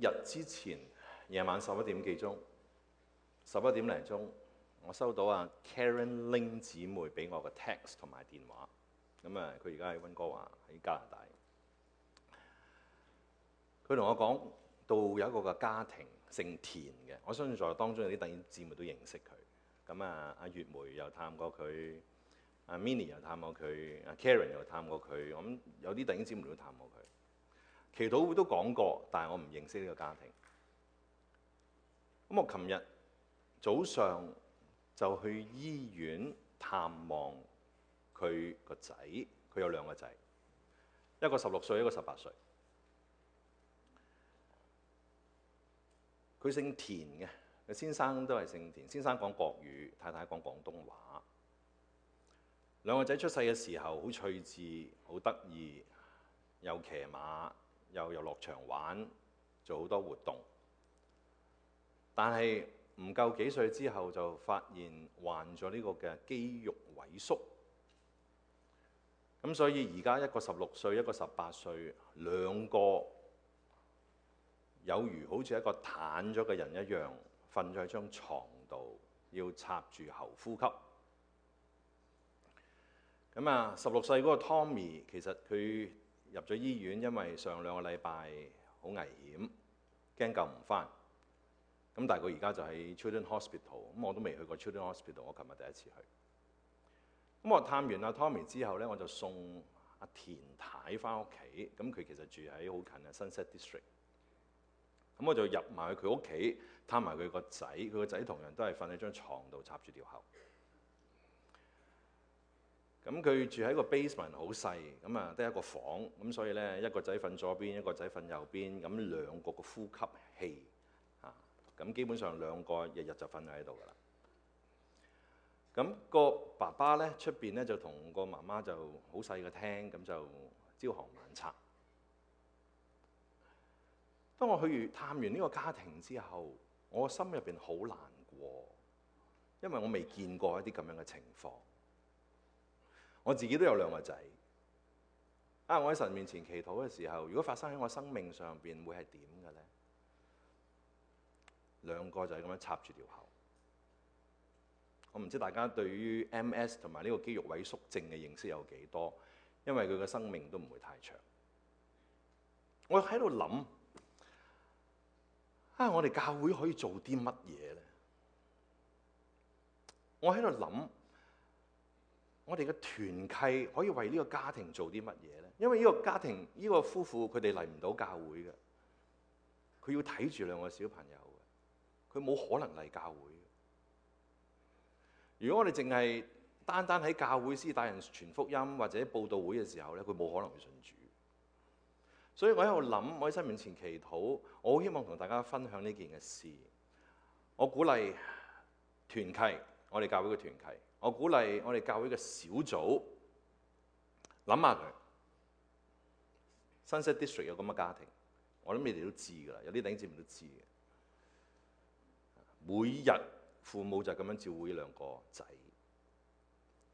日之前夜晚十一點幾鐘，十一點零鐘，我收到阿 Karen Lin 姊妹俾我嘅 text 同埋電話，咁啊，佢而家喺溫哥華，喺加拿大。佢同我講到有一個嘅家庭姓田嘅，我相信在當中有啲弟兄姊妹都認識佢。咁啊，阿月梅又探過佢，阿 Minnie 又探過佢，阿 Karen 又探過佢，咁有啲弟兄姊妹都探過佢。祈禱會都講過，但係我唔認識呢個家庭。咁我琴日早上就去醫院探望佢個仔，佢有兩個仔，一個十六歲，一個十八歲。佢姓田嘅，先生都係姓田。先生講國語，太太講廣東話。兩個仔出世嘅時候好趣致，好得意，又騎馬。又遊樂場玩，做好多活動，但係唔夠幾歲之後就發現患咗呢個嘅肌肉萎縮，咁所以而家一個十六歲，一個十八歲，兩個有如好似一個癱咗嘅人一樣，瞓咗喺張床度，要插住喉呼吸。咁啊，十六歲嗰個 Tommy，其實佢。入咗醫院，因為上兩個禮拜好危險，驚救唔翻。咁但係佢而家就喺 Children Hospital，咁我都未去過 Children Hospital，我琴日第一次去。咁我探完阿 Tommy 之後咧，我就送阿田太翻屋企。咁佢其實住喺好近嘅 Sunset District。咁我就入埋去佢屋企，探埋佢個仔。佢個仔同樣都係瞓喺張床度，插住條喉。咁佢住喺個 basement，好細，咁啊得一個房，咁所以呢，一個仔瞓左邊，一個仔瞓右邊，咁兩個個呼吸氣啊，咁基本上兩個日日就瞓喺度噶啦。咁個爸爸呢，出邊呢就同個媽媽就好細個廳，咁就朝行晚拆。當我去探完呢個家庭之後，我心入邊好難過，因為我未見過一啲咁樣嘅情況。我自己都有兩個仔啊！我喺神面前祈禱嘅時候，如果發生喺我生命上邊，會係點嘅呢？兩個就係咁樣插住條口。我唔知大家對於 MS 同埋呢個肌肉萎縮症嘅認識有幾多？因為佢嘅生命都唔會太長。我喺度諗啊！我哋教會可以做啲乜嘢呢？我」我喺度諗。我哋嘅團契可以為呢個家庭做啲乜嘢呢？因為呢個家庭呢、呢個夫婦佢哋嚟唔到教會嘅，佢要睇住兩個小朋友，佢冇可能嚟教會。如果我哋淨係單單喺教會師帶人傳福音或者佈道會嘅時候呢，佢冇可能去信主。所以我喺度諗，我喺神面前祈禱，我好希望同大家分享呢件嘅事。我鼓勵團契，我哋教會嘅團契。我鼓勵我哋教會嘅小組諗下佢，Sunset District 有咁嘅家庭，我諗你哋都知㗎喇，有啲領袖都知嘅。每日父母就咁樣照顧呢兩個仔，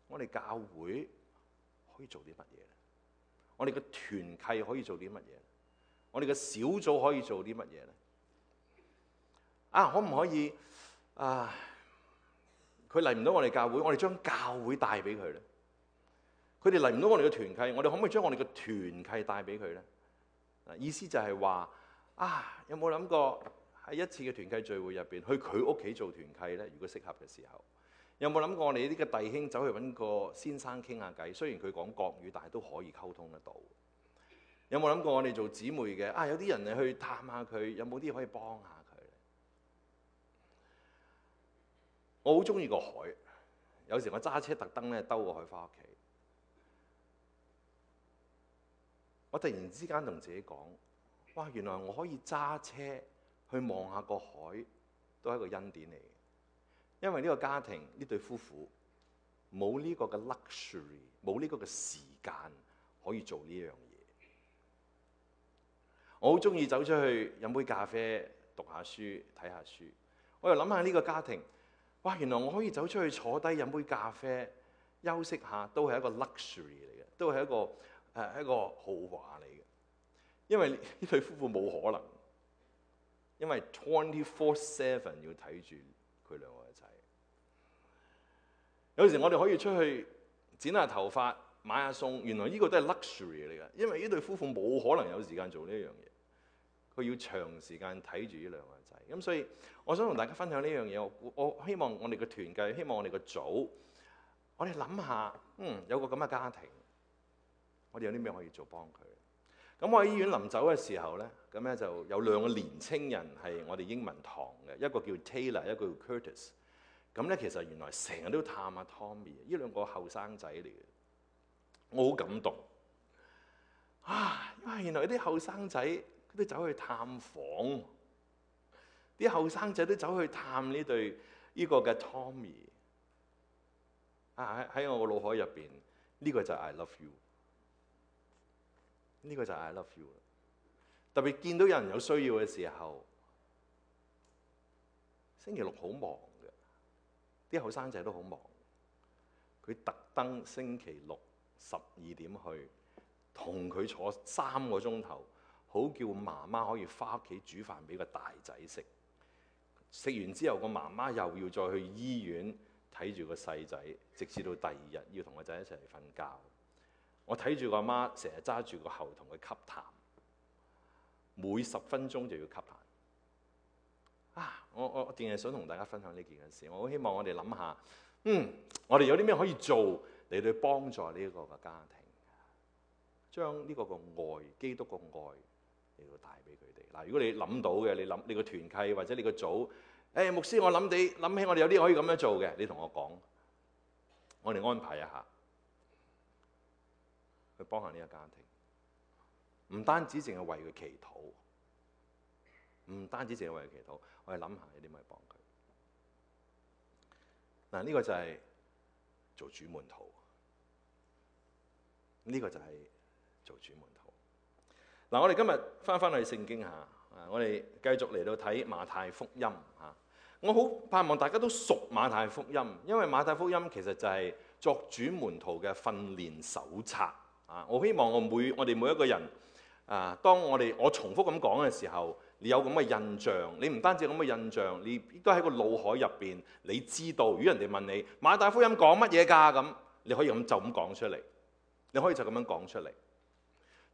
我哋教會可以做啲乜嘢咧？我哋嘅團契可以做啲乜嘢？我哋嘅小組可以做啲乜嘢咧？啊，可唔可以啊？佢嚟唔到我哋教會，我哋將教會帶俾佢咧。佢哋嚟唔到我哋嘅團契，我哋可唔可以將我哋嘅團契帶俾佢咧？啊，意思就係話啊，有冇諗過喺一次嘅團契聚會入邊，去佢屋企做團契咧？如果適合嘅時候，有冇諗過我哋呢啲嘅弟兄走去揾個先生傾下偈？雖然佢講國語，但係都可以溝通得到。有冇諗過我哋做姊妹嘅啊？有啲人去探下佢，有冇啲可以幫下？我好中意個海，有時我揸車特登咧兜個海翻屋企。我突然之間同自己講：「哇！原來我可以揸車去望下個海，都係一個恩典嚟嘅。因為呢個家庭，呢對夫婦，冇呢個嘅 luxury，冇呢個嘅時間可以做呢樣嘢。我好中意走出去飲杯咖啡、讀下書、睇下書。我又諗下呢個家庭。哇！原來我可以走出去坐低，飲杯咖啡，休息下，都係一個 luxury 嚟嘅，都係一個誒、呃、一個豪華嚟嘅。因為呢對夫婦冇可能，因為 twenty four seven 要睇住佢兩個一齊。有時我哋可以出去剪下頭髮、買下餸，原來呢個都係 luxury 嚟嘅。因為呢對夫婦冇可能有時間做呢樣嘢，佢要長時間睇住呢兩個。咁所以我想同大家分享呢樣嘢，我我希望我哋嘅團契，希望我哋嘅組，我哋諗下，嗯，有個咁嘅家庭，我哋有啲咩可以做幫佢？咁我喺醫院臨走嘅時候咧，咁咧就有兩個年青人係我哋英文堂嘅，一個叫 Taylor，一個叫 Curtis。咁咧其實原來成日都探阿 Tommy，呢兩個後生仔嚟嘅，我好感動啊！因為原來啲後生仔佢都走去探訪。啲後生仔都走去探呢對呢個嘅 Tommy 啊！喺喺我個腦海入邊，呢個就係 I love you。呢個就係 I love you。特別見到有人有需要嘅時候，星期六好忙嘅，啲後生仔都好忙。佢特登星期六十二點去，同佢坐三個鐘頭，好叫媽媽可以翻屋企煮飯俾個大仔食。食完之後，個媽媽又要再去醫院睇住個細仔，直至到第二日要同個仔一齊嚟瞓覺。我睇住個媽成日揸住個喉筒去吸痰，每十分鐘就要吸痰。啊！我我我淨係想同大家分享呢件嘅事。我好希望我哋諗下，嗯，我哋有啲咩可以做嚟去幫助呢一個家庭，將呢個個愛，基督個愛，你要帶俾佢哋嗱，如果你諗到嘅，你諗你個團契或者你個組，誒、哎、牧師，我諗你諗起我哋有啲可以咁樣做嘅，你同我講，我哋安排一下，去幫下呢個家庭，唔單止淨係為佢祈禱，唔單止淨係為佢祈禱，我哋諗下有啲咩幫佢。嗱，呢、這個就係做主門徒，呢、這個就係做主門。嗱，我哋今日翻翻去聖經吓，我哋繼續嚟到睇馬太福音吓。我好盼望大家都熟馬太福音，因為馬太福音其實就係作主門徒嘅訓練手冊啊。我希望我每我哋每一個人啊，當我哋我重複咁講嘅時候，你有咁嘅印象，你唔單止有咁嘅印象，你都喺個腦海入邊，你知道。如果人哋問你馬太福音講乜嘢噶咁，你可以咁就咁講出嚟，你可以就咁樣講出嚟。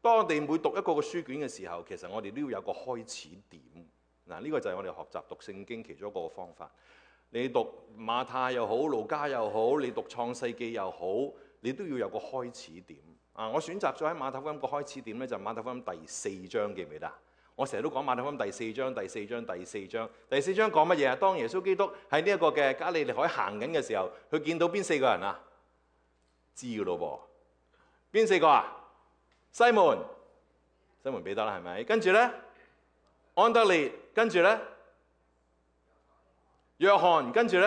當我哋每讀一個個書卷嘅時候，其實我哋都要有個開始點嗱，呢、這個就係我哋學習讀聖經其中一個方法。你讀馬太又好，路加又好，你讀創世記又好，你都要有個開始點啊！我選擇咗喺馬太福音嘅開始點咧，就係、是、馬太福音第四章，記唔記得？我成日都講馬太福音第四章、第四章、第四章，第四章講乜嘢啊？當耶穌基督喺呢一個嘅加利利海行緊嘅時候，佢見到邊四個人啊？知咯噃，邊四個啊？西門、西門彼得啦，係咪？跟住咧，安德烈，跟住咧，約翰，跟住咧，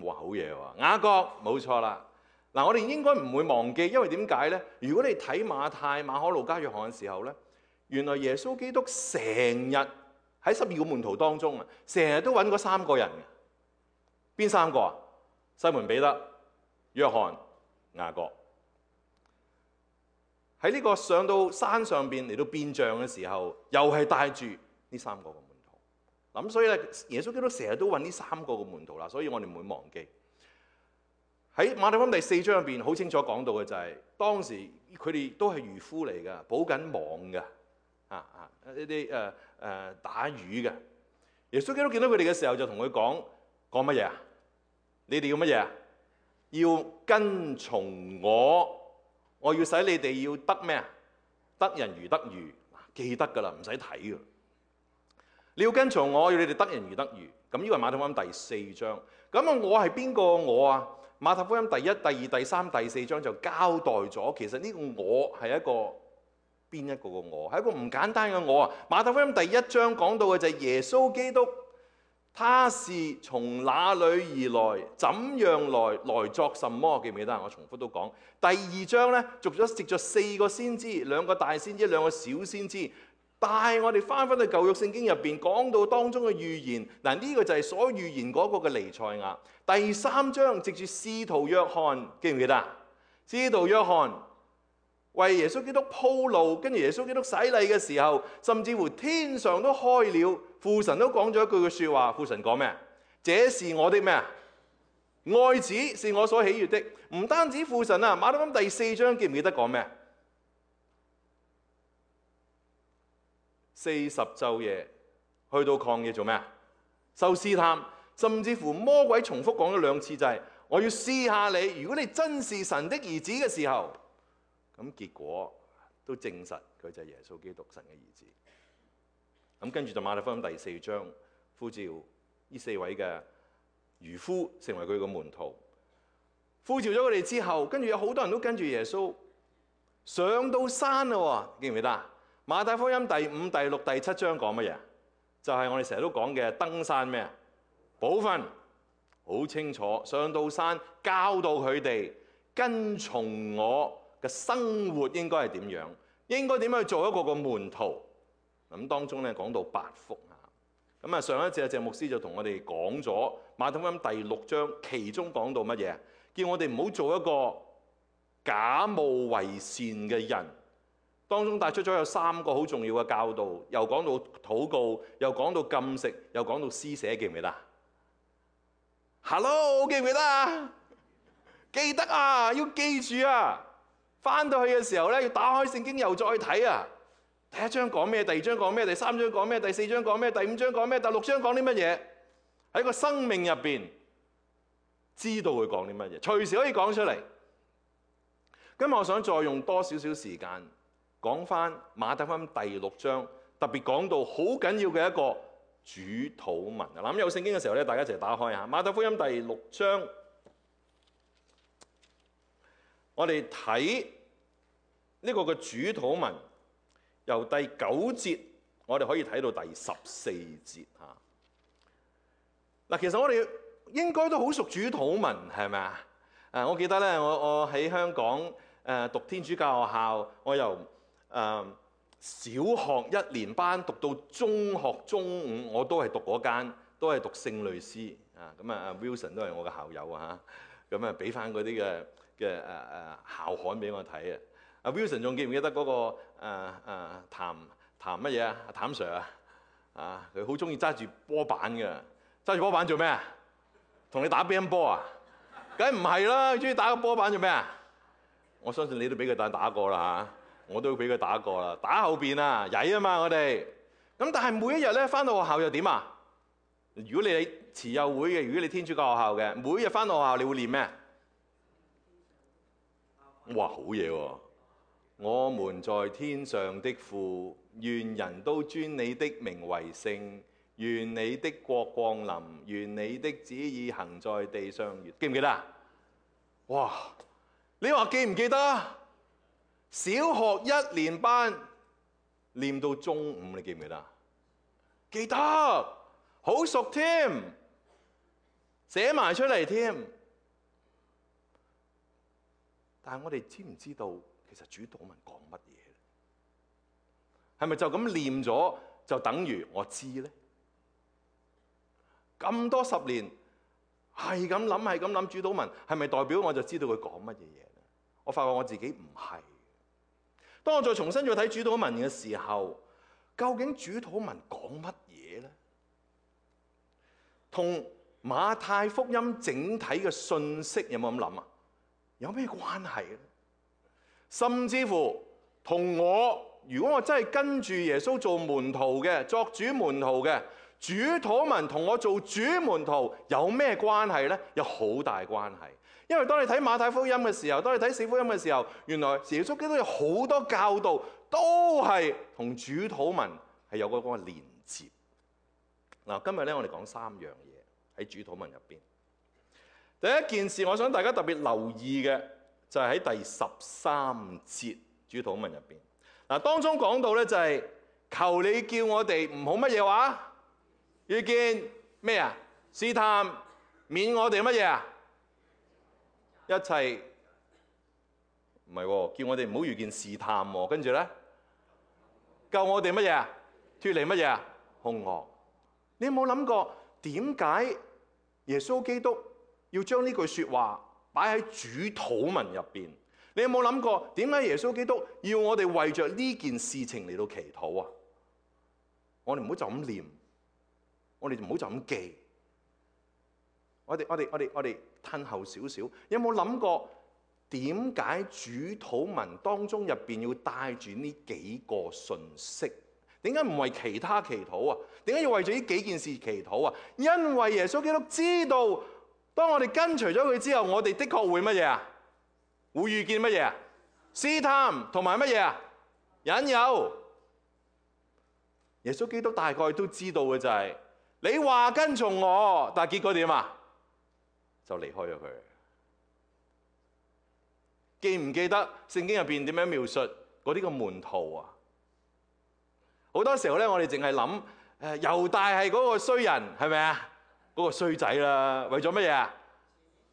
哇，好嘢喎！雅各，冇錯啦。嗱，我哋應該唔會忘記，因為點解咧？如果你睇馬太、馬可、路加、約翰嘅時候咧，原來耶穌基督成日喺十二個門徒當中啊，成日都揾嗰三個人，邊三個啊？西門彼得、約翰、雅各。喺呢個上到山上邊嚟到變象嘅時候，又係帶住呢三個嘅門徒。嗱，咁所以咧，耶穌基督成日都揾呢三個嘅門徒啦，所以我哋唔會忘記。喺馬太福音第四章入邊，好清楚講到嘅就係、是、當時佢哋都係漁夫嚟嘅，補緊網嘅，啊啊呢啲誒誒打魚嘅。耶穌基督見到佢哋嘅時候，就同佢講講乜嘢？你哋要乜嘢？要跟從我。我要使你哋要得咩啊？得人如得魚，記得噶啦，唔使睇噶。你要跟從我，我要你哋得人如得魚。咁、這、呢個馬太福音第四章，咁啊我係邊個我啊？馬太福音第一、第二、第三、第四章就交代咗，其實呢個我係一個邊一個個我，係一個唔簡單嘅我啊！馬太福音第一章講到嘅就係耶穌基督。他是從哪裡而來？怎樣來？來作什麼？記唔記得？我重複都講。第二章呢，續咗食咗四個先知，兩個大先知，兩個小先知。帶我哋翻返去舊約聖經入邊，講到當中嘅預言。嗱，呢個就係所預言嗰個嘅彌賽亞。第三章藉著施洗約翰，記唔記得？施洗約翰。為耶穌基督鋪路，跟住耶穌基督洗禮嘅時候，甚至乎天上都開了，父神都講咗一句嘅說話。父神講咩？這是我的咩？愛子是我所喜悅的。唔單止父神啊，馬太福音第四章記唔記得講咩？四十晝夜去到曠野做咩？受試探，甚至乎魔鬼重複講咗兩次，就是，就係我要試下你，如果你真是神的兒子嘅時候。咁結果都證實佢就係耶穌基督神嘅兒子。咁跟住就馬太福音第四章呼召呢四位嘅漁夫成為佢個門徒。呼召咗佢哋之後，跟住有好多人都跟住耶穌上到山啦，哦，記唔記得啊？馬太福音第五、第六、第七章講乜嘢？就係、是、我哋成日都講嘅登山咩？寶訓好清楚，上到山教導佢哋跟從我。生活應該係點樣？應該點樣去做一個個門徒？咁當中咧講到八福啊。咁啊，上一節啊，謝牧師就同我哋講咗馬太福音第六章，其中講到乜嘢？叫我哋唔好做一個假冒為善嘅人。當中帶出咗有三個好重要嘅教導，又講到禱告，又講到禁食，又講到施捨，記唔記得？Hello，記唔記得啊？記得啊，要記住啊！翻到去嘅時候呢，要打開聖經又再睇啊！第一章講咩？第二章講咩？第三章講咩？第四章講咩？第五章講咩？第六章講啲乜嘢？喺個生命入邊知道佢講啲乜嘢，隨時可以講出嚟。今日我想再用多少少時間講翻馬太福音第六章，特別講到好緊要嘅一個主禱文。咁有聖經嘅時候呢，大家一齊打開下馬太福音第六章，我哋睇。呢個嘅主禱文由第九節，我哋可以睇到第十四節嚇嗱。其實我哋應該都好熟主禱文係咪啊？誒，我記得咧，我我喺香港誒、呃、讀天主教學校，我由誒、呃、小學一年班讀到中學中五，我都係讀嗰間，都係讀聖類斯啊。咁啊，Wilson 都係我嘅校友啊。咁啊，俾翻嗰啲嘅嘅誒誒校刊俾我睇啊。阿 Wilson 仲記唔記得嗰、那個誒誒、啊啊、譚乜嘢啊？譚 Sir 啊，啊佢好中意揸住波板嘅，揸住波板做咩啊？同你打乒乓波啊？梗唔係啦，佢中意打個波板做咩啊？我相信你都俾佢打打過啦嚇，我都俾佢打過啦，打後邊啊，曳啊嘛我哋。咁但係每一日咧翻到學校又點啊？如果你喺慈幼會嘅，如果你天主教學校嘅，每日翻到學校你會練咩？嘩好嘢喎！我們在天上的父，願人都尊你的名為聖，願你的國降臨，願你的旨意行在地上。記唔記得？哇！你話記唔記得？小學一年班念到中午，你記唔記得？記得，好熟添，寫埋出嚟添，但係我哋知唔知道？其實主禱文講乜嘢咧？係咪就咁念咗就等於我知咧？咁多十年係咁諗，係咁諗主禱文，係咪代表我就知道佢講乜嘢嘢咧？我發覺我自己唔係。當我再重新再睇主禱文嘅時候，究竟主禱文講乜嘢咧？同馬太福音整體嘅信息有冇咁諗啊？有咩關係咧？甚至乎同我，如果我真係跟住耶穌做門徒嘅，作主門徒嘅，主禱文同我做主門徒有咩關係咧？有好大關係，因為當你睇馬太福音嘅時候，當你睇四福音嘅時候，原來耶穌基督有好多教導都係同主禱文係有個嗰個連接。嗱，今日咧我哋講三樣嘢喺主禱文入邊，第一件事，我想大家特別留意嘅。就係喺第十三節主禱文入邊，嗱，當中講到咧，就係求你叫我哋唔好乜嘢話，遇見咩啊？試探，免我哋乜嘢啊？一切唔係喎，叫我哋唔好遇見試探喎、啊，跟住咧，救我哋乜嘢啊？脫離乜嘢啊？兇惡。你有冇諗過點解耶穌基督要將呢句説話？擺喺主禱文入邊，你有冇諗過點解耶穌基督要我哋為着呢件事情嚟到祈禱啊？我哋唔好就咁念，我哋唔好就咁記，我哋我哋我哋我哋褪後少少，有冇諗過點解主禱文當中入邊要帶住呢幾個信息？點解唔為其他祈禱啊？點解要為咗呢幾件事祈禱啊？因為耶穌基督知道。當我哋跟隨咗佢之後，我哋的確會乜嘢啊？會遇見乜嘢啊？試探同埋乜嘢啊？引誘。耶穌基督大概都知道嘅就係，你話跟從我，但係結果點啊？就離開咗佢。記唔記得聖經入邊點樣描述嗰啲個門徒啊？好多時候咧，我哋淨係諗，誒，猶大係嗰個衰人，係咪啊？嗰個衰仔啦，為咗乜嘢？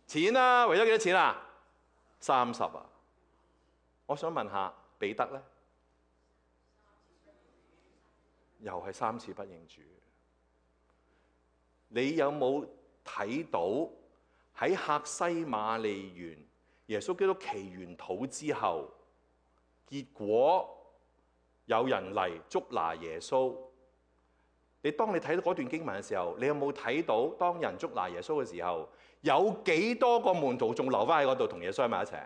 錢啦，為咗幾多錢啊？三十啊，啊！我想問下彼得呢？又係三次不認主。你有冇睇到喺客西馬尼園，耶穌基督祈完禱之後，結果有人嚟捉拿耶穌？你當你睇到嗰段經文嘅時候，你有冇睇到當人捉拿耶穌嘅時候，有幾多個門徒仲留返喺嗰度同耶穌喺埋一齊？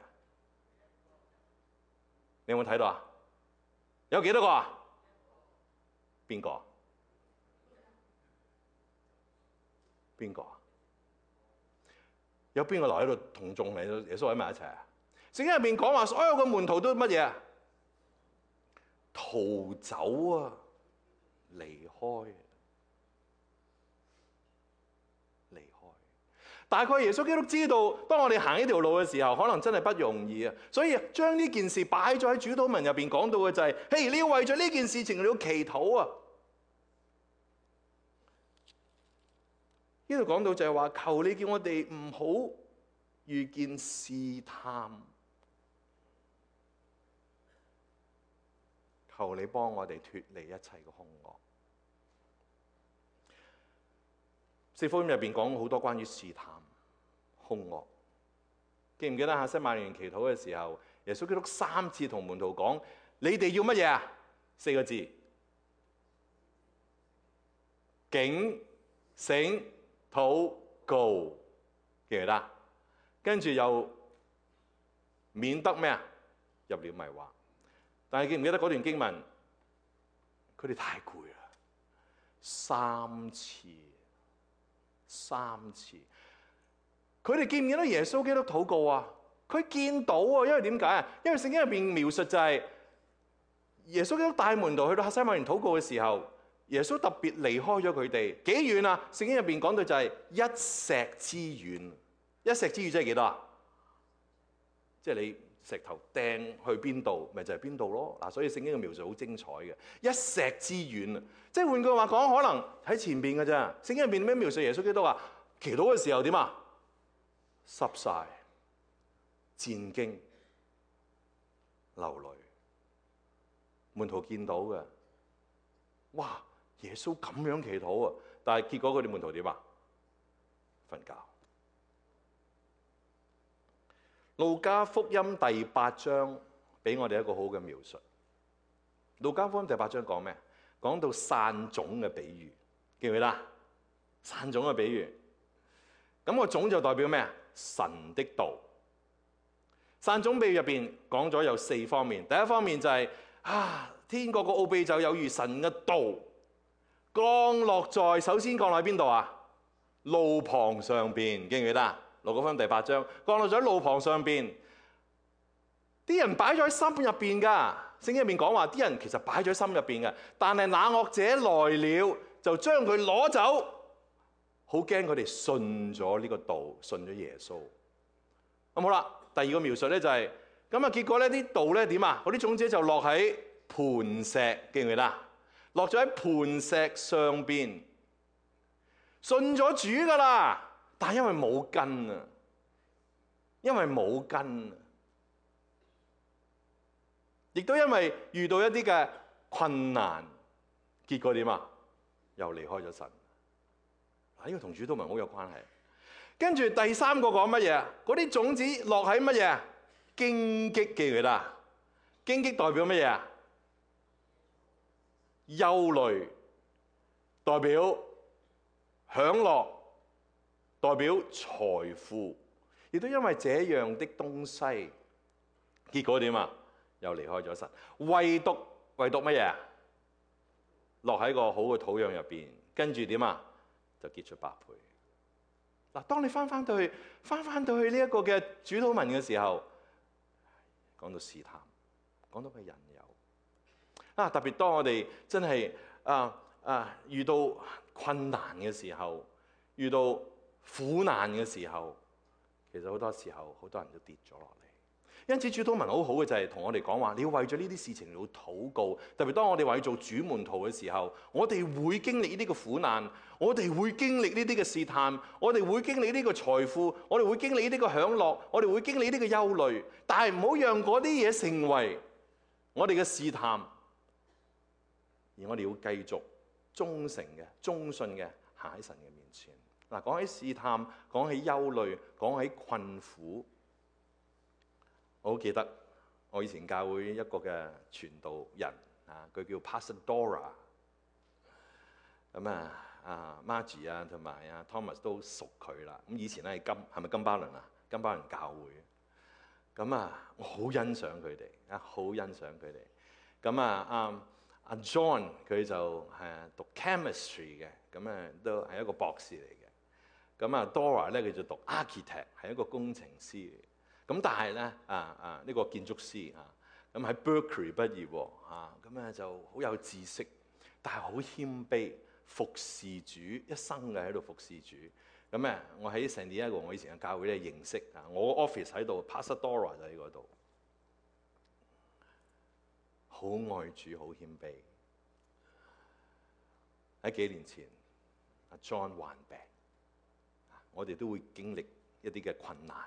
你有冇睇到啊？有幾多個啊？邊個？邊個？有邊個留喺度同眾耶穌喺埋一齊啊？聖經入邊講話，所有嘅門徒都乜嘢啊？逃走啊，離開。大概耶穌基督知道，當我哋行呢條路嘅時候，可能真係不容易啊。所以啊，將呢件事擺咗喺主禱文入邊講到嘅就係：，嘿，你要為咗呢件事情你要祈禱啊。呢度講到就係話，求你叫我哋唔好遇見試探，求你幫我哋脫離一切嘅兇惡。四福音入邊講好多關於試探。兇惡，記唔記得啊？客西馬尼祈禱嘅時候，耶穌基督三次同門徒講：，你哋要乜嘢啊？四個字，警醒禱告，記唔記得？跟住又免得咩啊？入了迷惑。但係記唔記得嗰段經文？佢哋太攰啦，三次，三次。佢哋見唔見到耶穌基督禱告啊？佢見到啊，因為點解啊？因為聖經入邊描述就係耶穌基督帶門徒去到客西馬尼園禱告嘅時候，耶穌特別離開咗佢哋幾遠啊？聖經入邊講到就係一石之遠，一石之遠即係幾多啊？即係你石頭掟去邊度，咪就係邊度咯，嗱。所以聖經嘅描述好精彩嘅一石之遠啊！即係換句話講，可能喺前邊嘅咋，聖經入邊咩描述耶穌基督啊？祈禱嘅時候點啊？濕晒、戰驚、流淚，門徒見到嘅，哇！耶穌咁樣祈禱啊，但係結果佢哋門徒點啊？瞓覺。路加福音第八章俾我哋一個好嘅描述。路加福音第八章講咩？講到散種嘅比喻，記唔記得？散種嘅比喻，咁、那個種就代表咩啊？神的道，撒種比喻入邊講咗有四方面。第一方面就係、是、啊，天國個奧秘就有如神嘅道，降落在首先降落喺邊度啊？路旁上邊記唔記得？路加福音第八章，降落咗路旁上邊，啲人擺咗喺心入邊噶。聖經入面講話，啲人其實擺咗喺心入邊嘅，但係那惡者來了就將佢攞走。好驚佢哋信咗呢個道，信咗耶穌。咁好啦，第二個描述咧就係咁啊，結果咧啲道咧點啊？嗰啲種子就落喺磐石，記唔記得？落咗喺磐石上邊，信咗主㗎啦，但係因為冇根啊，因為冇根啊，亦都因為遇到一啲嘅困難，結果點啊？又離開咗神。呢個同主都唔好有關係。跟住第三個講乜嘢？嗰啲種子落喺乜嘢？荊棘嘅裏啦。荊棘代表乜嘢啊？憂慮代表享樂，代表財富。亦都因為這樣的東西，結果點啊？又離開咗神。唯獨唯獨乜嘢？落喺個好嘅土壤入邊，跟住點啊？就結出百倍。嗱，當你翻翻到去，翻翻到去呢一個嘅主禱文嘅時候，講到試探，講到佢人有。啊，特別當我哋真係啊啊遇到困難嘅時候，遇到苦難嘅時候，其實好多時候好多人都跌咗落嚟。因此，主禱文好好嘅，就係同我哋講話，你要為咗呢啲事情要到禱告。特別當我哋話要做主門徒嘅時候，我哋會經歷呢啲嘅苦難，我哋會經歷呢啲嘅試探，我哋會經歷呢個財富，我哋會經歷呢個享樂，我哋會經歷呢個憂慮。但係唔好讓嗰啲嘢成為我哋嘅試探，而我哋要繼續忠誠嘅、忠信嘅行喺神嘅面前。嗱，講起試探，講起憂慮，講起困苦。我好記得我以前教會一個嘅傳道人啊，佢叫 Pastor Dora、啊。咁啊啊 Margie 啊同埋啊 Thomas 都熟佢啦。咁、啊、以前咧係金係咪金巴倫啊？金巴倫教會。咁啊，我好欣賞佢哋啊，好欣賞佢哋。咁啊啊啊、uh, John 佢就係讀 chemistry 嘅，咁啊都係一個博士嚟嘅。咁啊 Dora 咧佢就讀 architect，係一個工程師嚟。咁但係咧，啊啊，呢個建築師啊，咁喺 Berkeley 畢業喎，啊，咁、啊、咧、這個啊啊啊啊、就好有知識，但係好謙卑，服侍主，一生嘅喺度服侍主。咁、啊、咧，我喺成年一個我以前嘅教會咧認識啊，我 office 喺度，Pastor Dora 就喺嗰度，好愛主，好謙卑。喺幾年前，阿 John 患病，我哋都會經歷一啲嘅困難。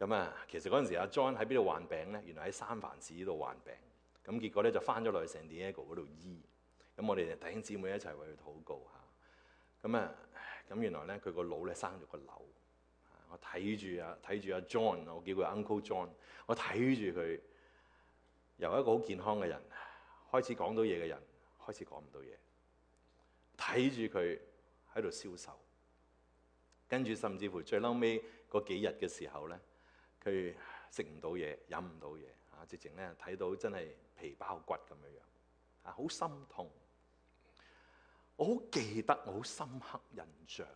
咁啊，其實嗰陣時阿 John 喺邊度患病咧？原來喺三藩市呢度患病。咁結果咧就翻咗落去 San Diego 嗰度醫。咁我哋弟兄姊妹一齊為佢禱告嚇。咁啊，咁原來咧佢個腦咧生咗個瘤。我睇住啊，睇住阿 John，我叫佢 Uncle John 我。我睇住佢由一個好健康嘅人開始講到嘢嘅人，開始講唔到嘢。睇住佢喺度消瘦，跟住甚至乎最嬲尾嗰幾日嘅時候咧。佢食唔到嘢，飲唔到嘢，啊！直情咧睇到真係皮包骨咁樣樣，啊！好心痛。我好記得，我好深刻印象。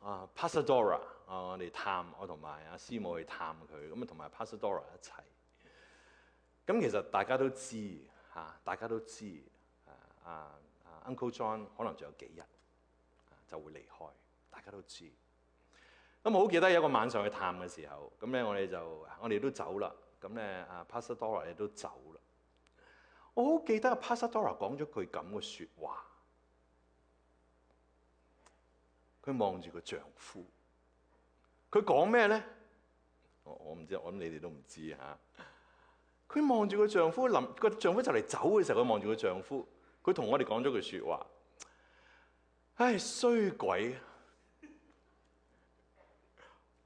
啊 Pasadora，啊，Pasadora，我哋探我同埋阿師母去探佢，咁啊同埋、嗯、Pasadora 一齊。咁、啊、其實大家都知，嚇大家都知。啊 Uncle John、啊啊、可能仲有幾日，就會離開、啊，大家都知。啊啊我好記得有個晚上去探嘅時候，咁咧我哋就我哋都走啦。咁咧阿帕薩多拉亦都走啦。我好記得阿帕薩多拉講咗句咁嘅説話，佢望住個丈夫，佢講咩咧？我我唔知，我諗你哋都唔知嚇。佢望住個丈夫，臨個丈夫就嚟走嘅時候，佢望住個丈夫，佢同我哋講咗句説話：唉，衰鬼！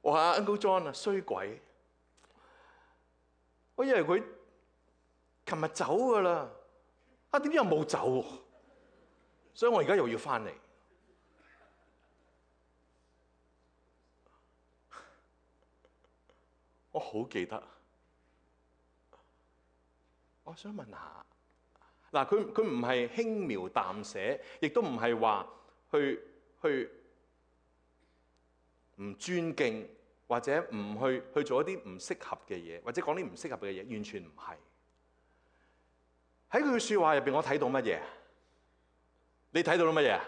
我話 Uncle John 啊，衰鬼！我以為佢琴日走噶啦，啊點知又冇走，所以我而家又要翻嚟。我好記得。我想問下，嗱，佢佢唔係輕描淡寫，亦都唔係話去去唔尊敬。或者唔去去做一啲唔適合嘅嘢，或者講啲唔適合嘅嘢，完全唔係。喺佢嘅説話入邊，我睇到乜嘢？你睇到咗乜嘢？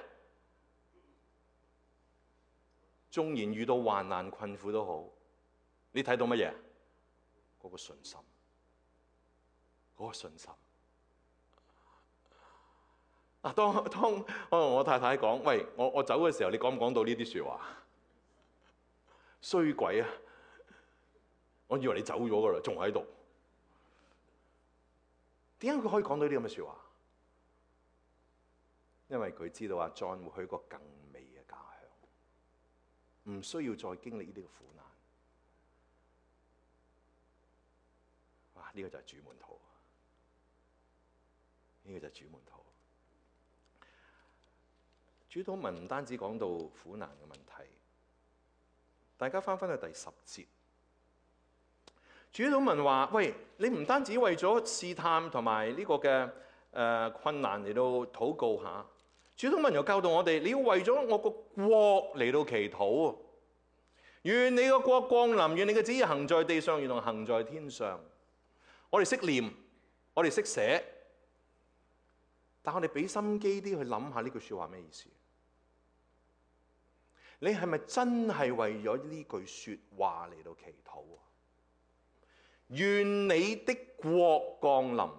縱然遇到患難困苦都好，你睇到乜嘢？嗰個信心，嗰個信心。嗱，當當我同我太太講，喂，我我走嘅時候，你講唔講到呢啲説話？衰鬼啊！我以為你走咗噶啦，仲喺度。點解佢可以講到呢啲咁嘅説話？因為佢知道阿 John 會去一個更美嘅家鄉，唔需要再經歷呢啲嘅苦難。哇！呢、這個就係主門徒，呢、這個就係主門徒。主禱文唔單止講到苦難嘅問題。大家翻翻去第十節，主禱文話：喂，你唔單止為咗試探同埋呢個嘅誒困難嚟到禱告下。主禱文又教導我哋，你要為咗我個國嚟到祈禱。願你個國降臨，願你嘅旨意行在地上，如同行在天上。我哋識念，我哋識寫，但我哋俾心機啲去諗下呢句説話咩意思。你係咪真係為咗呢句説話嚟到祈禱？願你的國降臨，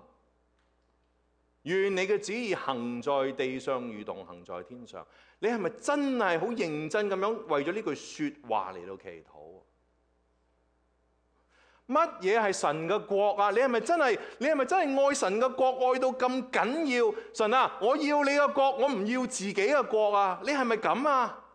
願你嘅旨意行在地上，如同行在天上。你係咪真係好認真咁樣為咗呢句説話嚟到祈禱？乜嘢係神嘅國啊？你係咪真係，你係咪真係愛神嘅國愛到咁緊要？神啊，我要你嘅國，我唔要自己嘅國啊！你係咪咁啊？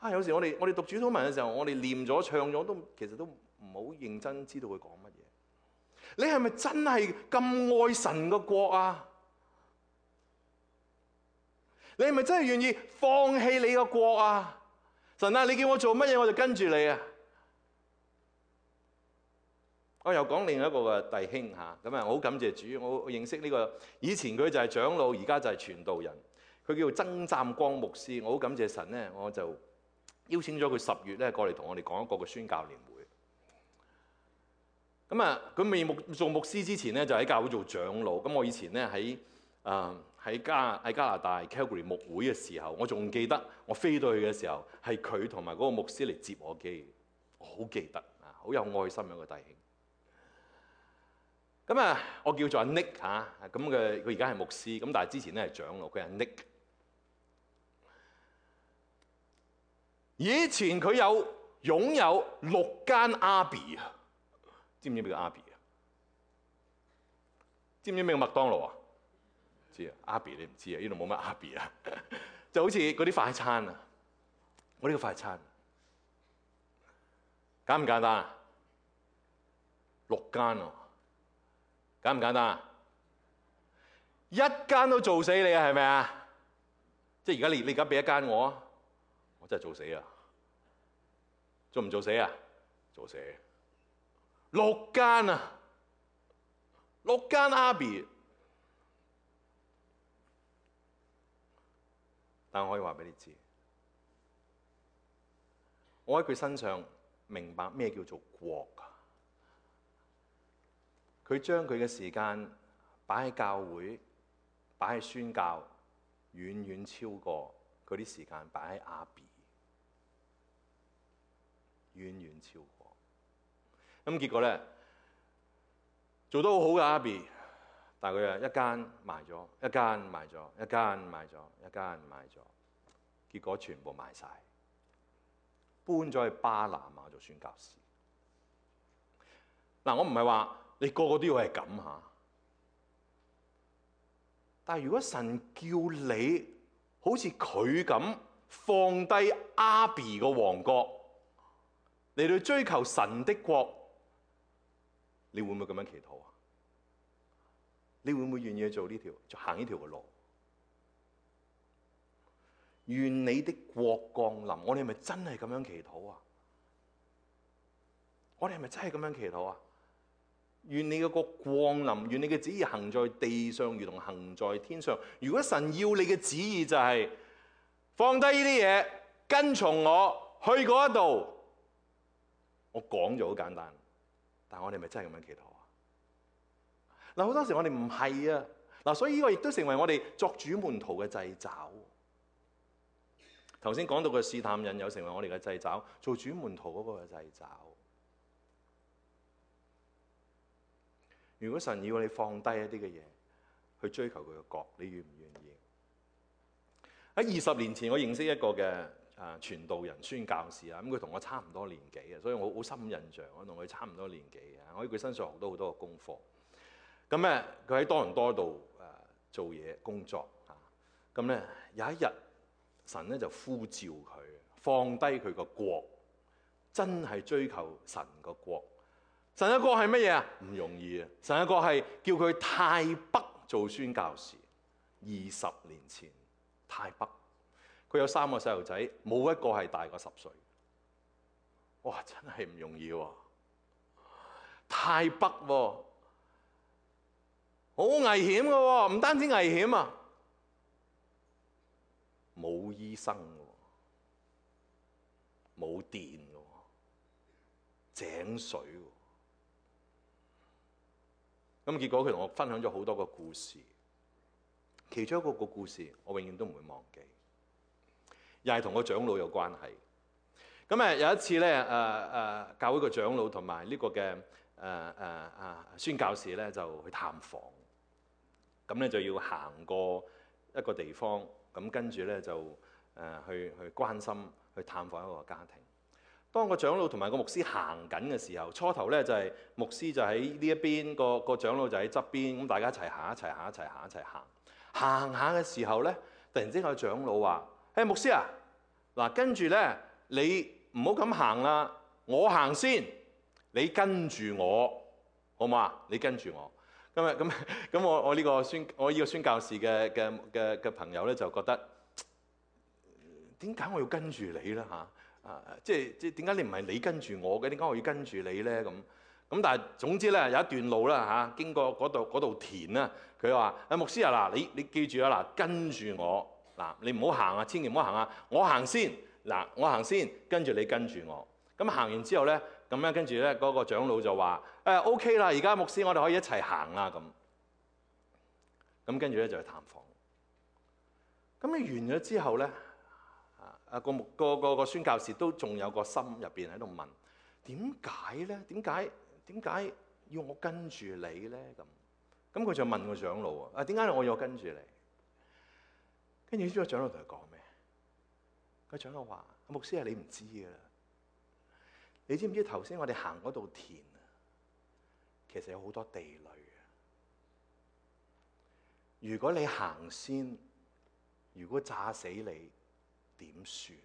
啊！有時我哋我哋讀主禱文嘅時候，我哋念咗唱咗都，其實都唔好認真知道佢講乜嘢。你係咪真係咁愛神個國啊？你係咪真係願意放棄你個國啊？神啊！你叫我做乜嘢我就跟住你啊！我又講另一個嘅弟兄嚇，咁啊，我好感謝主，我認識呢個以前佢就係長老，而家就係傳道人。佢叫曾湛光牧師，我好感謝神呢，我就～邀請咗佢十月咧過嚟同我哋講,講一個嘅宣教年會。咁啊，佢未牧做牧師之前咧，就喺教會做長老。咁我以前咧喺啊喺加喺加拿大 Calgary 牧會嘅時候，我仲記得我飛到去嘅時候係佢同埋嗰個牧師嚟接我機，我好記得啊，好有愛心一個弟兄。咁啊，我叫做阿 Nick 嚇，咁嘅佢而家係牧師，咁但係之前咧係長老，佢係 Nick。以前佢有擁有六間阿比,知知阿比知知啊，知唔知咩叫阿比？知唔知咩叫麥當勞啊？知啊，阿比你唔知啊？呢度冇乜阿比啊，就好似嗰啲快餐啊。我呢個快餐簡唔簡單？六間咯，簡唔簡單？一間都做死你啊，係咪啊？即而家你你而家俾一間我真係做死啊！做唔做死啊？做死！六間啊，六間阿 B，但我可以話俾你知，我喺佢身上明白咩叫做國啊。佢將佢嘅時間擺喺教會，擺喺宣教，遠遠超過佢啲時間擺喺阿 B。遠遠超過，咁結果呢，做得好好嘅阿 B，但係佢啊，一間賣咗，一間賣咗，一間賣咗，一間賣咗，結果全部賣晒，搬咗去巴拿馬做宣教士。嗱，我唔係話你個個都要係咁吓，但係如果神叫你好似佢咁放低阿 B 個王國，嚟到追求神的國，你會唔會咁樣祈禱啊？你會唔會願意去做呢條就行呢條嘅路？願你的國降臨，我哋係咪真係咁樣祈禱啊？我哋係咪真係咁樣祈禱啊？願你嘅國降臨，願你嘅旨意行在地上，如同行在天上。如果神要你嘅旨意就係放低呢啲嘢，跟從我去嗰一度。我講就好簡單，但我哋咪真係咁樣祈禱啊？嗱，好多時我哋唔係啊，嗱，所以呢個亦都成為我哋作主門徒嘅掣肘。頭先講到嘅試探引誘成為我哋嘅掣肘，做主門徒嗰個嘅掣肘。如果神要你放低一啲嘅嘢，去追求佢嘅國，你願唔願意？喺二十年前，我認識一個嘅。啊！傳道人宣教士啊，咁佢同我差唔多年紀啊，所以我好深印象，我同佢差唔多年紀啊，我喺佢身上學到好多嘅功課。咁咧，佢喺多倫多度啊做嘢工作啊。咁咧有一日，神咧就呼召佢放低佢個國，真係追求神個國。神個國係乜嘢啊？唔容易啊！神個國係叫佢泰北做宣教士。二十年前，泰北。佢有三個細路仔，冇一個係大過十歲。哇！真係唔容易喎、啊，泰北喎、啊，好危險嘅喎，唔單止危險啊，冇醫生喎、啊，冇電喎、啊，井水喎、啊。咁結果佢同我分享咗好多個故事，其中一個個故事我永遠都唔會忘記。又係同個長老有關係咁誒。有一次咧，誒、呃、誒、呃，教會個長老同埋呢個嘅誒誒誒宣教士咧，就去探訪咁咧，就要行過一個地方咁，跟住咧就誒去去關心去探訪一個家庭。當個長老同埋個牧師行緊嘅時候，初頭咧就係、係、牧師就喺呢一邊，個個長老就喺側邊咁，大家一齊行一齊行一齊行一齊行行下嘅時候咧，突然之間個長老話。誒、hey, 牧師啊，嗱跟住咧，你唔好咁行啦，我行先，你跟住我，好唔好啊？你跟住我，咁啊咁咁，我我呢個宣我呢個宣教士嘅嘅嘅嘅朋友咧就覺得點解我要跟住你咧嚇？啊即係即係點解你唔係你跟住我嘅？點解我要跟住你咧？咁咁但係總之咧有一段路啦嚇、啊，經過嗰度度田啦，佢話誒牧師啊，嗱你你記住啊嗱，跟住我。嗱，你唔好行啊！千祈唔好行啊！我行先，嗱，我行先，跟住你跟住我。咁行完之後咧，咁樣跟住咧，嗰個長老就話：誒 O K 啦，而家牧師我哋可以一齊行啦咁。咁跟住咧就去探訪。咁你完咗之後咧，啊個個個宣教士都仲有個心入邊喺度問：點解咧？點解？點解要我跟住你咧？咁咁佢就問個長老啊：點解我要我跟住你？跟住知個長老同佢講咩？個長老話：牧師係你唔知噶啦。你知唔知頭先我哋行嗰度田啊？其實有好多地雷啊！如果你行先，如果炸死你點算？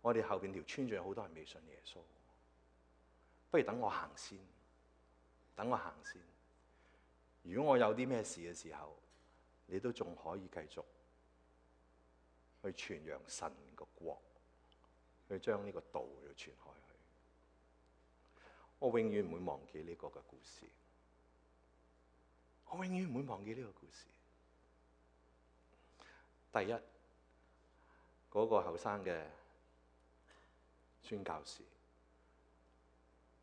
我哋後邊條村仲有好多人未信耶穌，不如等我行先，等我行先。如果我有啲咩事嘅時候，你都仲可以繼續。去傳揚神個國，去將呢個道要傳開去。我永遠唔會忘記呢個嘅故事，我永遠唔會忘記呢個故事。第一，嗰、嗰個後生嘅宣教士，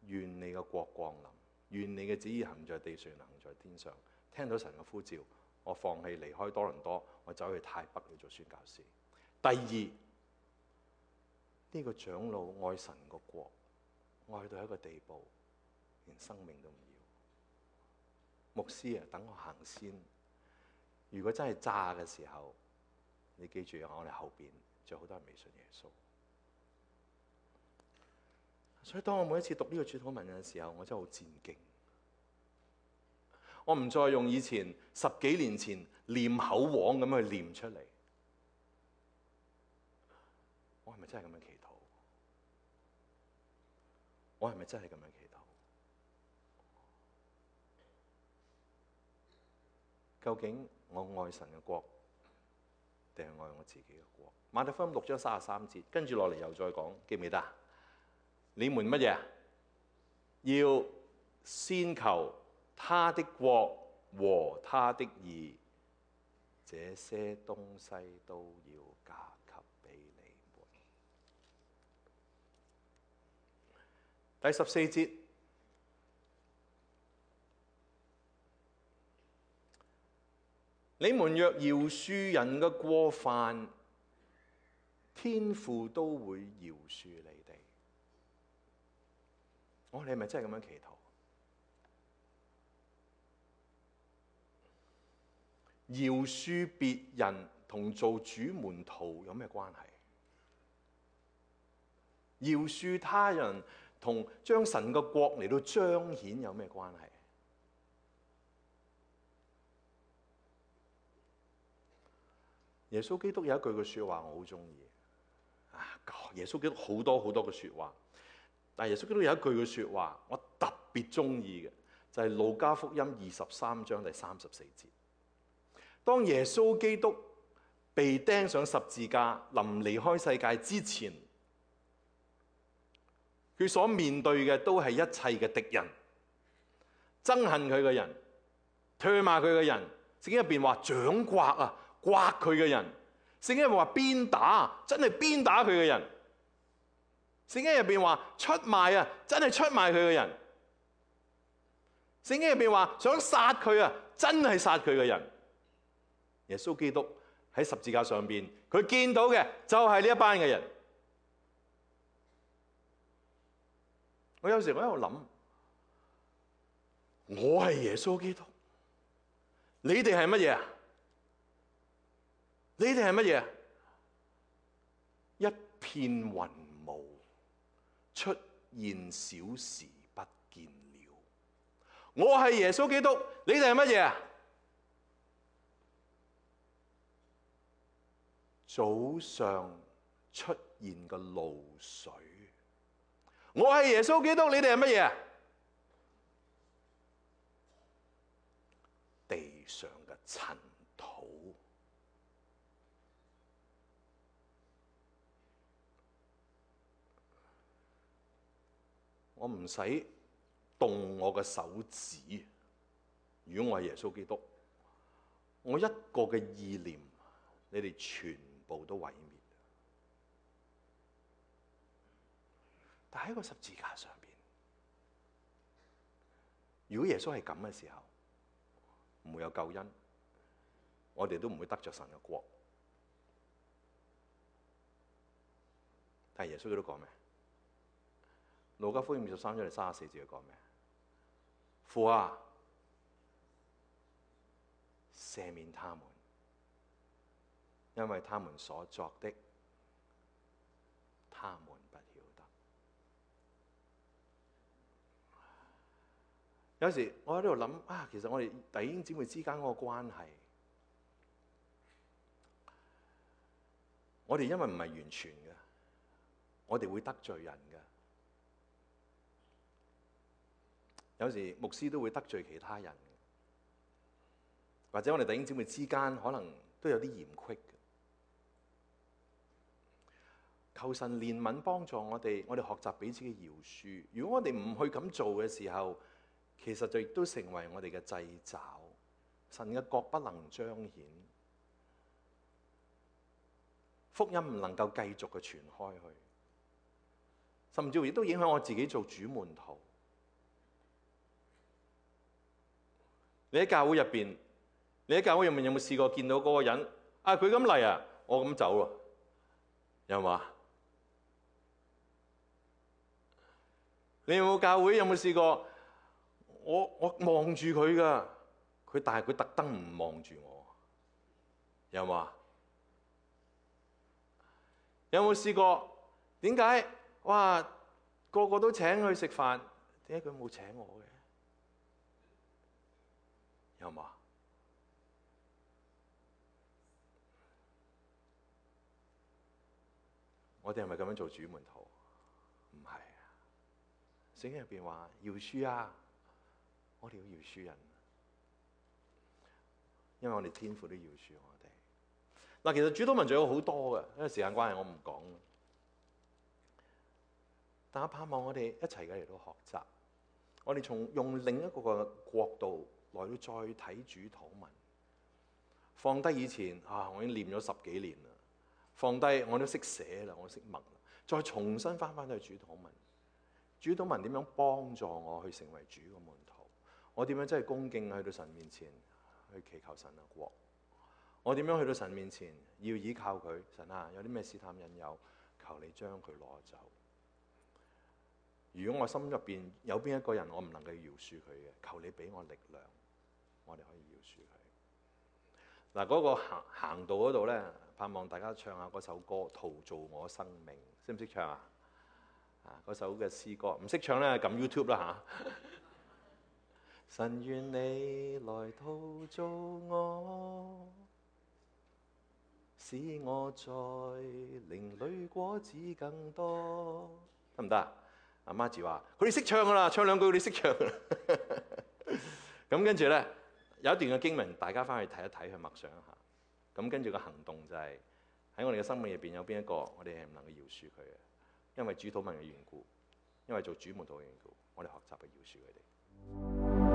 願你嘅國降臨，願你嘅旨意行在地上，行在天上。聽到神嘅呼召，我放棄離開多倫多，我走去泰北去做宣教士。第二，呢個長老愛神個國，愛到一個地步，連生命都唔要。牧師啊，等我行先。如果真係炸嘅時候，你記住，我哋後邊仲有好多人未信耶穌。所以當我每一次讀呢個主禱文嘅時候，我真係好戰驚。我唔再用以前十幾年前念口簧咁去念出嚟。係咪真係咁樣祈禱？我係咪真係咁樣祈禱？究竟我愛神嘅國，定係愛我自己嘅國？馬太福音六章三十三節，跟住落嚟又再講，記唔記得？你們乜嘢？要先求他的國和他的義，這些東西都要加。第十四節，你們若饒恕人嘅過犯，天父都會饒恕你哋。我、哦、你係咪真係咁樣祈禱？饒恕別人同做主門徒有咩關係？饒恕他人。同將神個國嚟到彰顯有咩關係？耶穌基督有一句嘅說話我好中意啊！耶穌基督好多好多嘅說話，但耶穌基督有一句嘅說話我特別中意嘅，就係路加福音二十三章第三十四節。當耶穌基督被釘上十字架，臨離開世界之前。佢所面對嘅都係一切嘅敵人，人，憎恨佢嘅人，唾罵佢嘅人，聖經入邊話掌摑啊，摑佢嘅人，聖經入邊話鞭打，真係鞭打佢嘅人，聖經入邊話出賣啊，真係出賣佢嘅人，聖經入邊話想殺佢啊，真係殺佢嘅人。耶穌基督喺十字架上邊，佢見到嘅就係呢一班嘅人。我有時我喺度諗，我係耶穌基督，你哋係乜嘢啊？你哋係乜嘢？一片雲霧出現，少時不見了。我係耶穌基督，你哋係乜嘢啊？早上出現嘅露水。我係耶穌基督，你哋係乜嘢？地上嘅塵土，我唔使動我嘅手指。如果我係耶穌基督，我一個嘅意念，你哋全部都毀滅。喺個十字架上邊，如果耶穌係咁嘅時候，唔會有救恩，我哋都唔會得着神嘅國。但係耶穌都講咩？路加福音五十三章三十四節佢講咩？父啊，赦免他們，因為他們所作的。有時我喺度諗啊，其實我哋弟兄姊妹之間嗰個關係，我哋因為唔係完全嘅，我哋會得罪人嘅。有時牧師都會得罪其他人，或者我哋弟兄姊妹之間可能都有啲嫌隙。求神憐憫幫助我哋，我哋學習彼此嘅饒恕。如果我哋唔去咁做嘅時候，其實就亦都成為我哋嘅掣肘，神嘅國不能彰顯，福音唔能夠繼續嘅傳開去，甚至乎亦都影響我自己做主門徒。 你喺教會入邊，你喺教會入面有冇試過見到嗰個人啊？佢咁嚟啊，我咁走啊，有冇啊？你有冇教會有冇試過？我我望住佢噶，佢但係佢特登唔望住我，有冇啊？有冇試過？點解？哇！個個都請佢食飯，點解佢冇請我嘅？有冇啊？我哋係咪咁樣做主門徒？唔係啊！聖經入邊話，要饒恕啊！我哋要饒恕人，因為我哋天父都要饒恕我哋嗱。其實主禱文仲有好多嘅，因為時間關係我唔講。大家盼望我哋一齊嘅嚟到學習，我哋從用另一個嘅角度嚟到再睇主禱文，放低以前啊，我已經念咗十幾年啦。放低我都識寫啦，我識文，再重新翻翻去主禱文，主禱文點樣幫助我去成為主嘅門徒？我點樣真係恭敬去到神面前去祈求神啊！我點樣去到神面前要依靠佢？神啊，有啲咩試探引誘？求你將佢攞走。如果我心入邊有邊一個人，我唔能夠饒恕佢嘅，求你俾我力量，我哋可以饒恕佢。嗱，嗰個行行道嗰度呢，盼望大家唱下嗰首歌《陶造我生命》，識唔識唱啊？嗰首嘅詩歌，唔識唱呢，撳 YouTube 啦嚇。 神願你來陶造我，使我在靈裡果子更多，行行媽媽，得唔得啊？阿媽子話：，佢哋識唱噶啦，唱兩句佢哋識唱。咁跟住咧，有一段嘅經文，大家翻去睇一睇，去默想一下。咁跟住個行動就係、是、喺我哋嘅生命入邊有邊一個，我哋係唔能夠饒恕佢嘅，因為主禱文嘅緣故，因為做主門徒嘅緣故，我哋學習去饒恕佢哋。